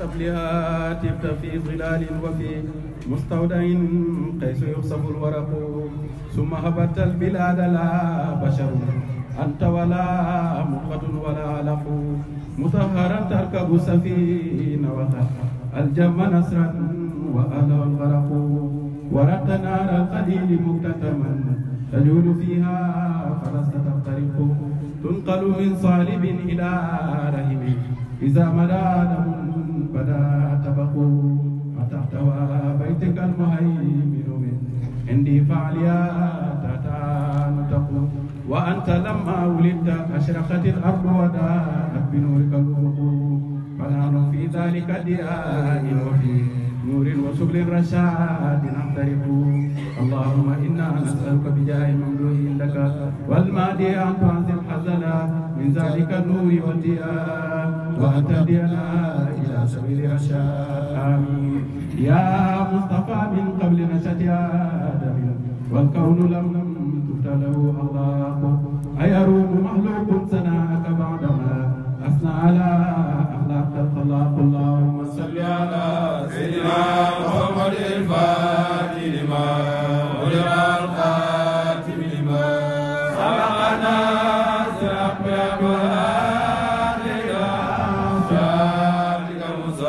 تبت في ظلال وفي مستودع قيس يخصف الورق ثم هبت البلاد لا بشر أنت ولا مخة ولا علق مطهرا تركب سفينة الجم نسرا وأهل الغرق ورق نار القليل مكتتما تجول فيها فلست تفترق تنقل من صالب إلى رهم إذا مدى دم فلا تبقوا فتحتوى بيتك المهيمن من عندي فعليا تنطق وأنت لما ولدت أشرقت الأرض ودانت بنورك الأفق فنحن في ذلك دياء وفي نور وسبل رشاد نعترف اللهم إنا نسألك بجاه ممدوح لك والمادي أن تعزم حزنا من ذلك النور والدياء واهتدينا إلى سبيل الرشاد يا مصطفى من قبل نشأة آدم والكون لم تبت له أخلاق أيروم مخلوق سناك بعدما أثنى على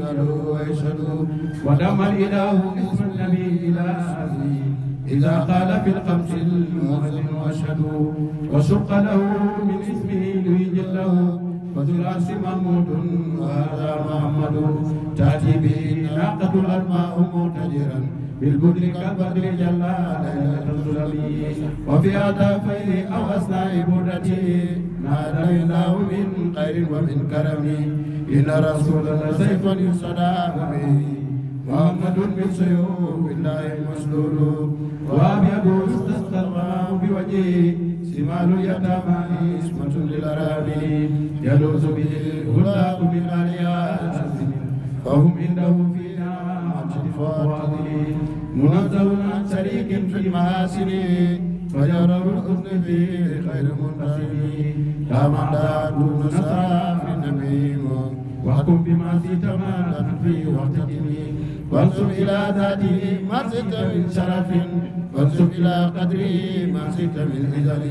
يقدروا ويشهدوا ولما الإله مثل النبي إلى أبي إذا قال في القمس المؤذن واشهدوا وشق له من اسمه يريد له وذراس محمود وهذا محمد تأتي به ناقة الأرماء معتجرا بالبدر كالبدر جل ليلة الظلمي وفي آتافيه أو أثناء بردته نادى الله من خير ومن كرم إن رسول الله سيف يصدى به محمد من سيوف الله مسلول وأبيض استسقى بوجهه سمال اليتامى اسمة للأرابي يلوز به الغلاة من الياس فهم عنده فيها عن شرفاته منزه عن شريك في المحاسن وجر الحزن في غير منتهي لا من دون ساف نميم واحكم بما زدت مالا في وقتك وانظر الى ذاته ما زدت من شرف وانظر الى قدره ما زدت من عزل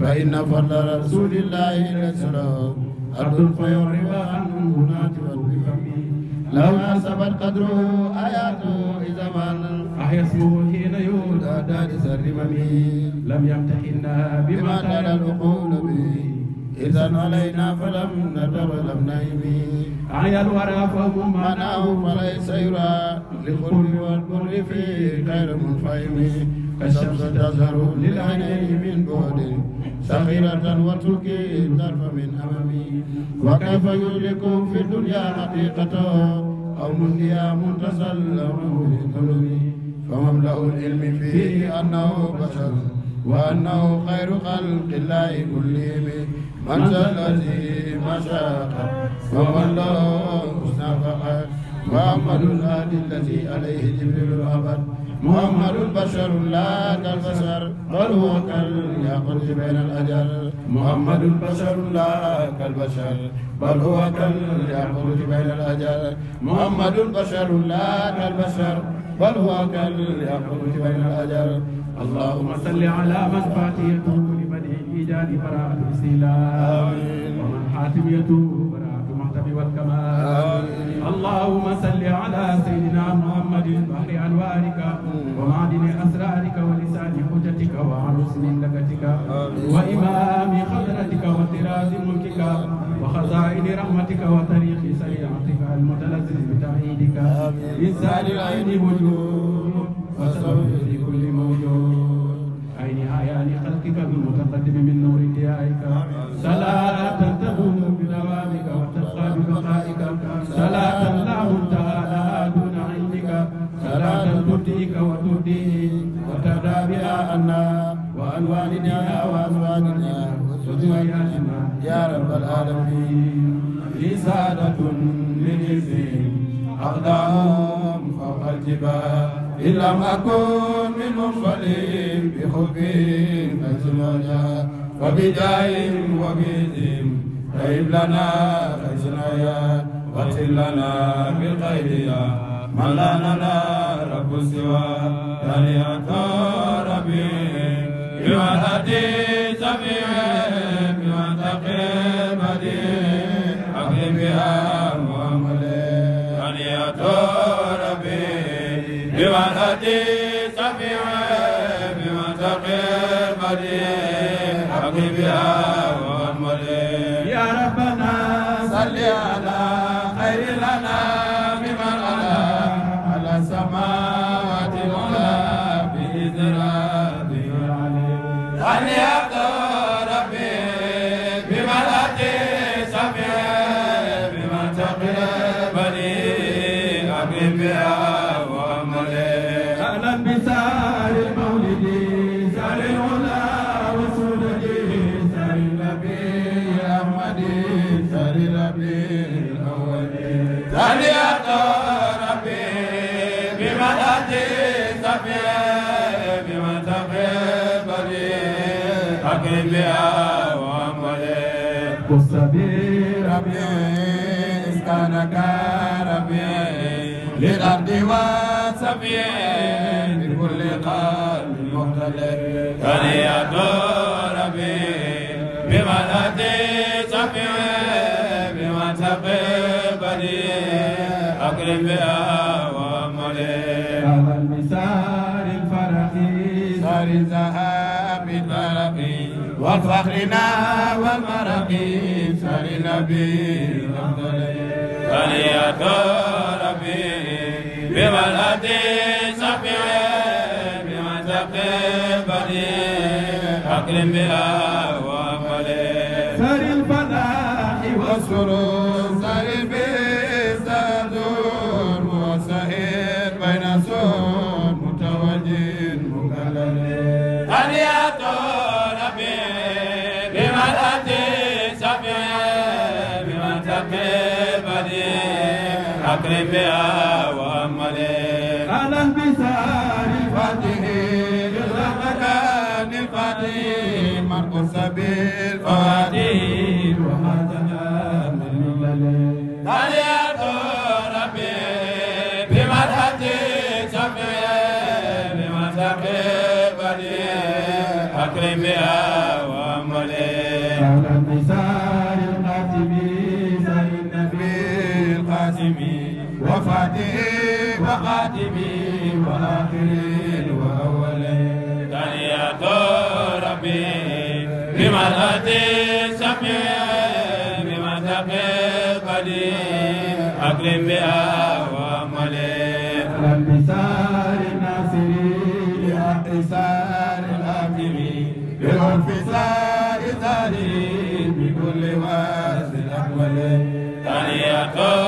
فان فضل رسول الله ليس له ارض فيربى عنه هناك والبكم لو سبت قدره اياته اذا ما الله اسمه حين يولى دارس الرمم لم يمتحنا بما كان العقول به إذا علينا فلم ندر لم نيم عيا الورى فهم مناه فليس يرى للقرب والبر فيه غير منفهم كالشمس تزهر للعينين من بعد سخيرة وتلقي الظرف من أمم وكيف يدرك في الدنيا حقيقته أو من منتسل له للظلم فمملأ العلم فيه أنه بشر وأنه خير خلق الله كلهم من ذا الذي شاء ومن له حسن فقط وأحمد الهادي الذي عليه جبريل الأبد محمد البشر لا كالبشر بل هو كالياقوت بين الأجل محمد البشر لا كالبشر بل هو كالياقوت بين الأجل محمد البشر لا كالبشر بل هو كان يخرج بين الاجر اللهم صل على من فاتيته لبدء الايجاد براءة السلاح ومن حاتميته براءة المحتم والكمال اللهم صل على سيدنا محمد بحر انوارك ومعدن اسرارك ولسان حجتك وعن حسن لكتك وامام زائد رحمتك وطريق سريعتك المتلذذ بتوحيدك من سائر العين وجود فسبب لكل موجود عيني يعني خلقك المتقدم من نور ضيائك صلاة تنتهم بدوامك وتبقى ببقائك صلاة الله تعالى دون علمك صلاة تبديك وتبديه وترضى بها عنا وعن والديها وأزواجنا وذرياتنا يا رب العالمين الجبال إن لم أكن من منفلين بحبي فزنايا وبدايم وبيدم طيب لنا فزنايا واتل لنا بالخير يا من لا لنا رب سوى يعني يا ربي بما الهدي جميع بمن تقيم دين أقيم بها الهدي سميعا بمن تقي المدين حبيبي سبحانك ربي للأرض والسمي بكل قلب مختلف ثنية ربي بما الأتي سمي بما تقبلي أكرم بها وأملي هذا المثال الفرحي صار الذهاب الفرحي والفخرنا والمرقي صار النبي الأفضل أكرم بها وأملي سر الفلاح والسرور أكرم بها وملئ لم بسار الناصري لأحسار الآكري بالانفسار الزاري بكل واسع أقبل ثانية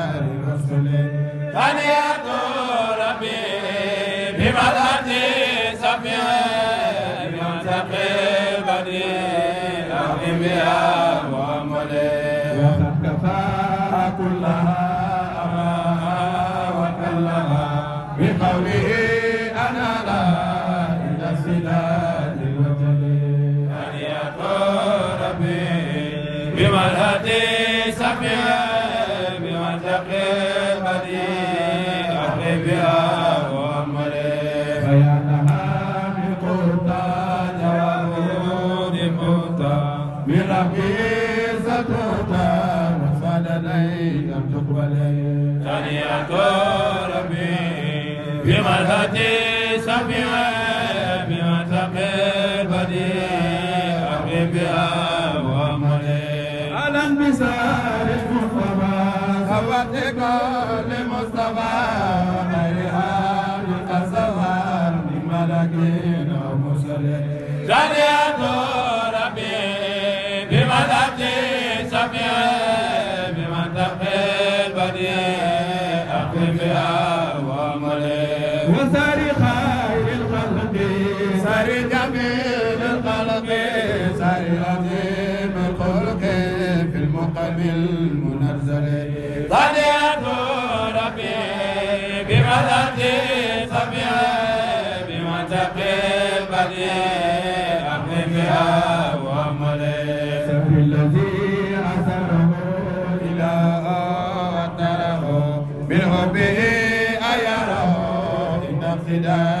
Anyato Rabbi Bhimadati بها وعمله أهلا بسارة مصطفى خواتك لما Dida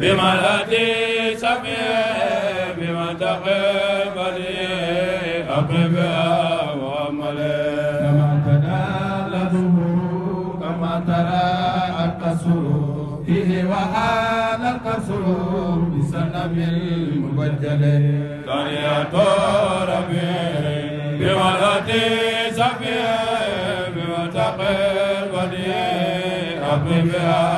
بملأتي سميع بمنطق بديع أقربها وأملي كما تنال ظهور كما ترى القصر فيه وحال القصر بسلم المبجل طريقة ربيع بملأتي سميع بمنطق بديع أقربها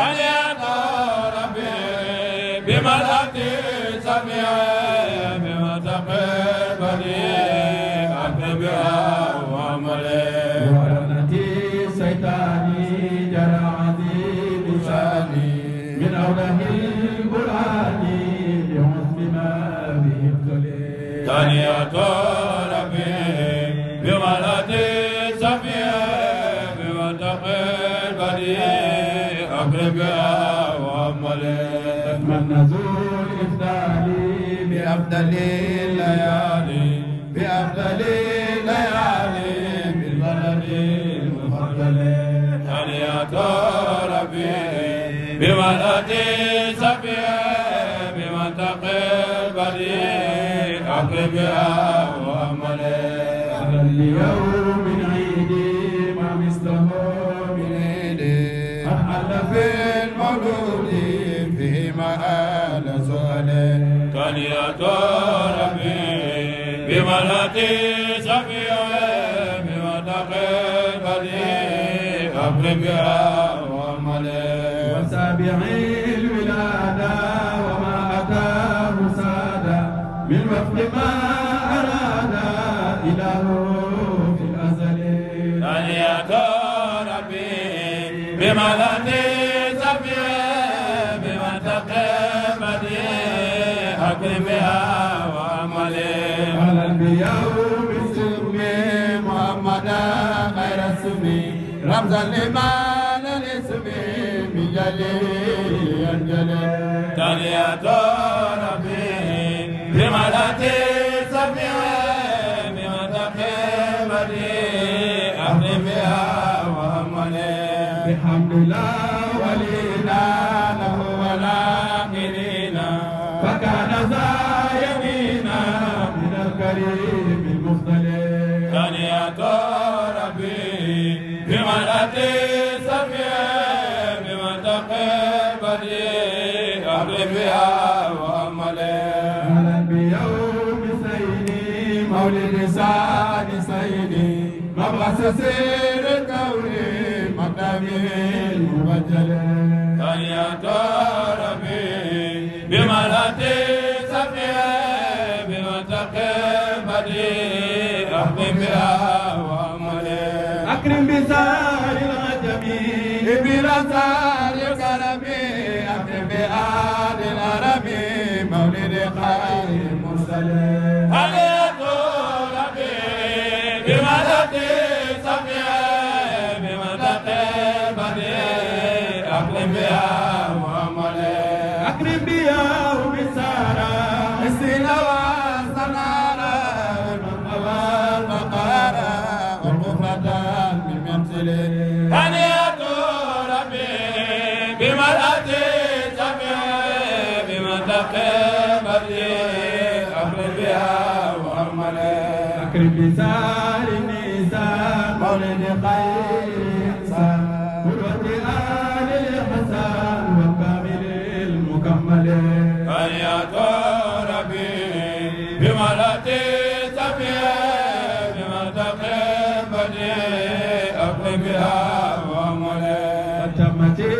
Daniel أوله من نزول افتالي بأفضل الليالي بأفضل الليالي بالبلد المفضل يعني أن ربي بمرأة سفيه بمنطق البريء أقرب يا محمد اليوم Amen. صل ما للاسم من جليل ينجلي تانية ربي بملاتي سفيه بمتقي بدي أهل بها وهمني بحمد الله Maria. سسير الكون مقامي المبجل كان يتاربي بمراتي سفيه بمتقم بدي أحبي بها وأملي أكرم بزار العجمي بلا زار matin.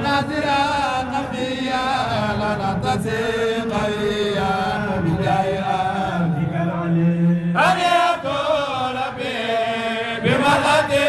ونادرا نبيا لنا تسيقيا بدايا أن يقول بي بمرأتي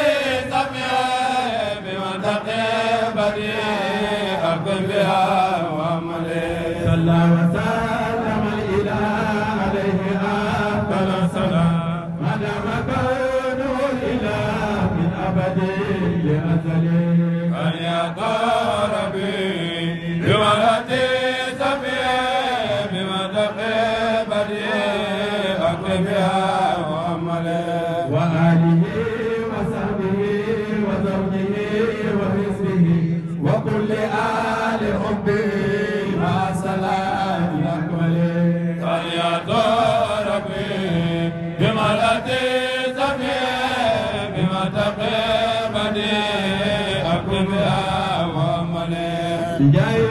Njaay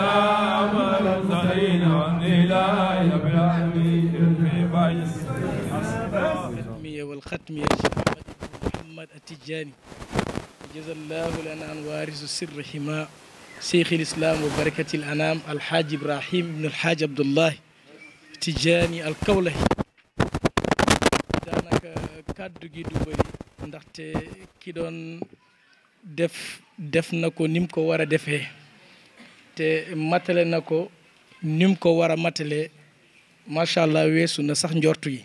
والسلام على المرسلين رب محمد التجاني جزا الله لنا عن وارث السر حماء شيخ الإسلام وبركة الأنام الحاج إبراهيم بن الحاج عبد الله Tijani Alkawlahi دانك كادو جي du bëri كي دون doon def def نيم كو ورا ko te matele na ko nim ko war a matale macha allah weesu na sax njortu yi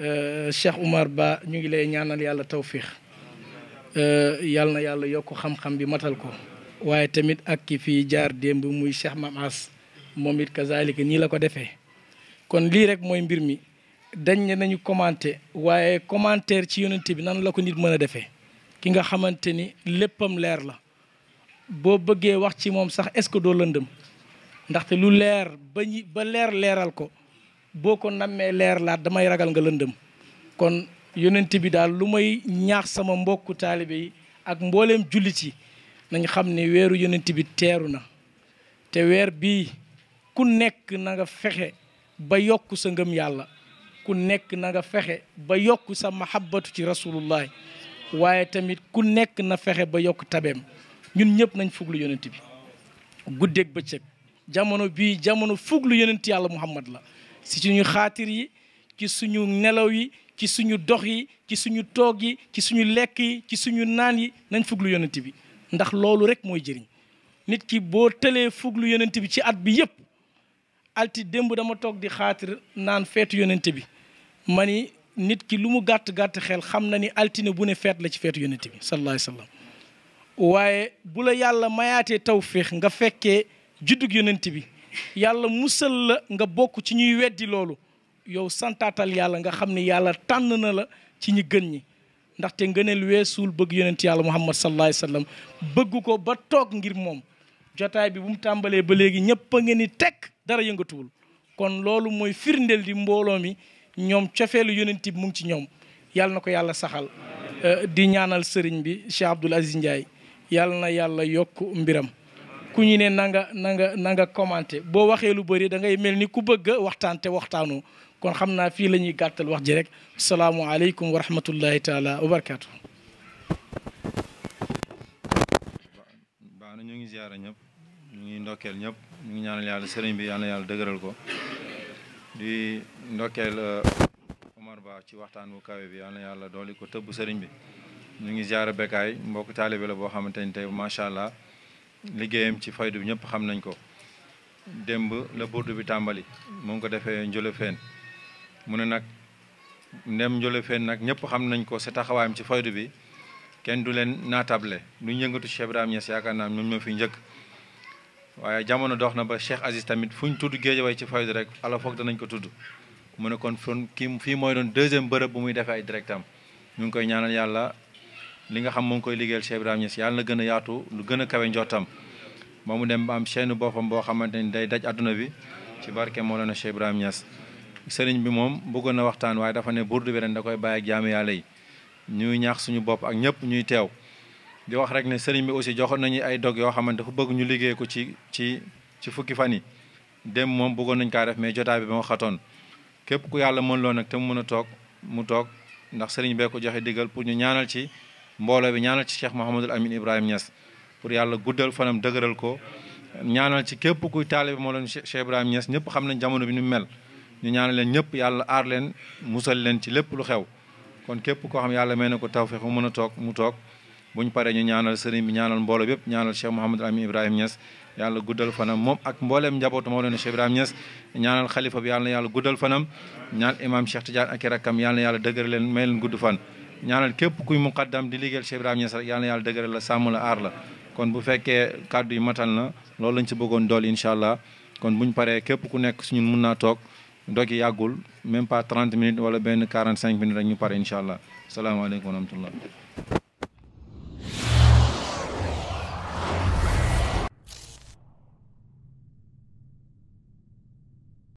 euh, Cheikh Oumar Ba ñu ngi lay ñaanal yàlla tawfiix euh, yàlla na yàlla yokk xam-xam bi matal ko waaye tamit ak ki fii jaar démb muy Cheikh Mam moom it kazalika nii la ko defee kon lii rek mooy mbir mi dañ ne nañu commenté waaye commentaire ci yonent bi nan la ko nit mën a defee ki nga xamante ni léppam leer la boo bëggee wax ci moom sax est-ce que doo lëndëm ndaxte lu leer ba ñi ba leer leeral ko boo ko nammee leer laat damay ragal nga lëndëm kon yonent bi daal lu may ñaax sama mbokku taalibe yi ak mbooleem jullit yi nañ xam ne weeru yonent bi teeru na te weer bii ku nekk na nga fexe ba yokk sa ngëm yàlla ku nekk na nga fexe ba yokk sa mahabbatu ci rasulullah waaye tamit ku nekk na fexe ba yokk tabeem ñun ñëpp nañ fuglu yonent bi guddeeg bëccëg jamono bii jamono fuglu yonent yàlla muhammad la si suñu xaatir yi ci suñu nelaw yi ci suñu dox yi ci suñu toog yi ci suñu lekk yi ci suñu naan yi nañ fuglu yonent bi ndax loolu rek mooy jëriñ nit ki boo tëlee fuglu yonent bi ci at bi yëpp alti démb dama toog di xaatir naan feetu yonent bi ma ni nit ki lu mu gàtt gàtt xel xam na ni altine bu ne feet la ci feetu yonent bi sallallahu alayhi waaye bu la yàlla mayaatee tawféex nga fekkee juddug yonent bi yàlla musal la nga bokk ci ñuy weddi loolu yow santaatal yàlla nga xam ni yàlla tànn na la ci ñi gën ñi ndaxte nga ngëneel weesuul bëgg yonent yàlla muhammad sallallahu alayhi wasallam bëgg ko ba toog ngir moom jotaay bi bu mu tàmbalee ba léegi ñëpp a ngeen ni tekk dara yëngatuwul kon loolu mooy firndeel di mbooloo mi ñoom cofeelu yonent bi mu ngi ci ñoom yàlla na ko yàlla saxal euh, di ñaanal sëriñ bi Cheikh Abdoul Aziz Ndiaye yàlla na yàlla yokk mbiram ku ñu ne nanga nanga na nga boo waxee lu bari dangay mel ni ku bëgg waxtaan te waxtaanu kon xam naa fii la ñuy gàttal wax ji rek salaamu wa rahmatullahi taala wa barakaatu. baax na ñu ngi ziara ñëpp ñu ngi ndokkeel ñëpp ñu ngi ñaanal yàlla sëriñ bi yàlla yàlla dëgëral ko di ndokkeel uh, Omar Ba ci waxtaan bu kawe bi yàlla yàlla dooli ko tëbb sëriñ bi. ñu ngi ziara Bécaye mbokk taalibe la boo xamante ni tey macha allah liggéeyam ci faydu bi ñëpp xam nañ ko démb la burdu bi tàmbali mu ngi ko defee Njolofeen mu ne nag ndem Njolofeen nag ñëpp xam nañ ko sa taxawaayam ci faydu bi kenn du leen naatable lu ñu yëngatu Cheikh Ibrahima Niass yaakaar naa ñoom ñoo fi njëkk waaye jamono dox na ba Cheikh Aziz tamit fu ñu tudd Géejawaay ci faydu rek ala foog danañ ko tudd mu ne kon fii mooy doon deuxième bërëb bu muy defee ay directam ñu ngi koy ñaanal yàlla li nga xam moo ngi koy liggéeyal Cheikh Ibrahima Niass yàlla na gën yaatu lu gën a kawe njottam ba mu dem ba am boppam boo xamante ni day daj adduna bi ci barke Mawlana Cheikh Ibrahima Niass sëriñ bi moom bëggoon na waxtaan waaye dafa ne burdu bi ren da koy bàyyi ak yàlla yi ñuy ñaax suñu bopp ak ñëpp ñuy teew di wax rek ne sëriñ bi aussi joxoon nañu ay dog yoo xamante dafa bëgg ñu liggéey ko ci ci ci fukki fan yi dem moom bëggoon nañ kaa def mais jotaay bi ba ma xatoon képp ku yàlla mën loon nag te mu mën a toog mu toog ndax sëriñ bee ko joxe digal pour ñu ñaanal ci mbooloo bi ñaanal ci Cheikh Mouhamadul Amine Ibrahima Niass pour yàlla guddal fanam dëgëral ko ñaanal ci képp kuy taalibe moo leen Cheikh Ibrahima ñes ñëpp xam nañ jamono bi ni mu mel ñu ñaanal leen ñëpp yàlla aar leen musal leen ci lépp lu xew kon képp koo xam yàlla may na ko tawfeex mu mën a toog mu toog bu ñu paree ñu ñaanal sëriñ bi ñaanal mbooloo bépp ñaanal Cheikh Mouhamadul Amine Ibrahima Niass yàlla guddal fanam moom ak njabootu Mawlana Cheikh Ibrahima ñaanal xalifa bi yàlla yàlla guddal fanam ñaan imam Cheikh Tidiane ak i rakkam yàlla yàlla dëgër leen may leen gudd fan ñaanal képp kuy muqaddam di liggéeyal Cheikh Ibrahima Niass rek yal na yàlla dëgëral la sàmm la aar la kon bu fekkee kàddu yi matal na loolu lañ ci bëggoon dool incha allah kon buñ paree képp ku nekk suñu mun naa toog dogi yàggul même pas 30 minutes wala benn 45 minutes rek ñu pare incha allah salaamaaleykum wa rahmatullah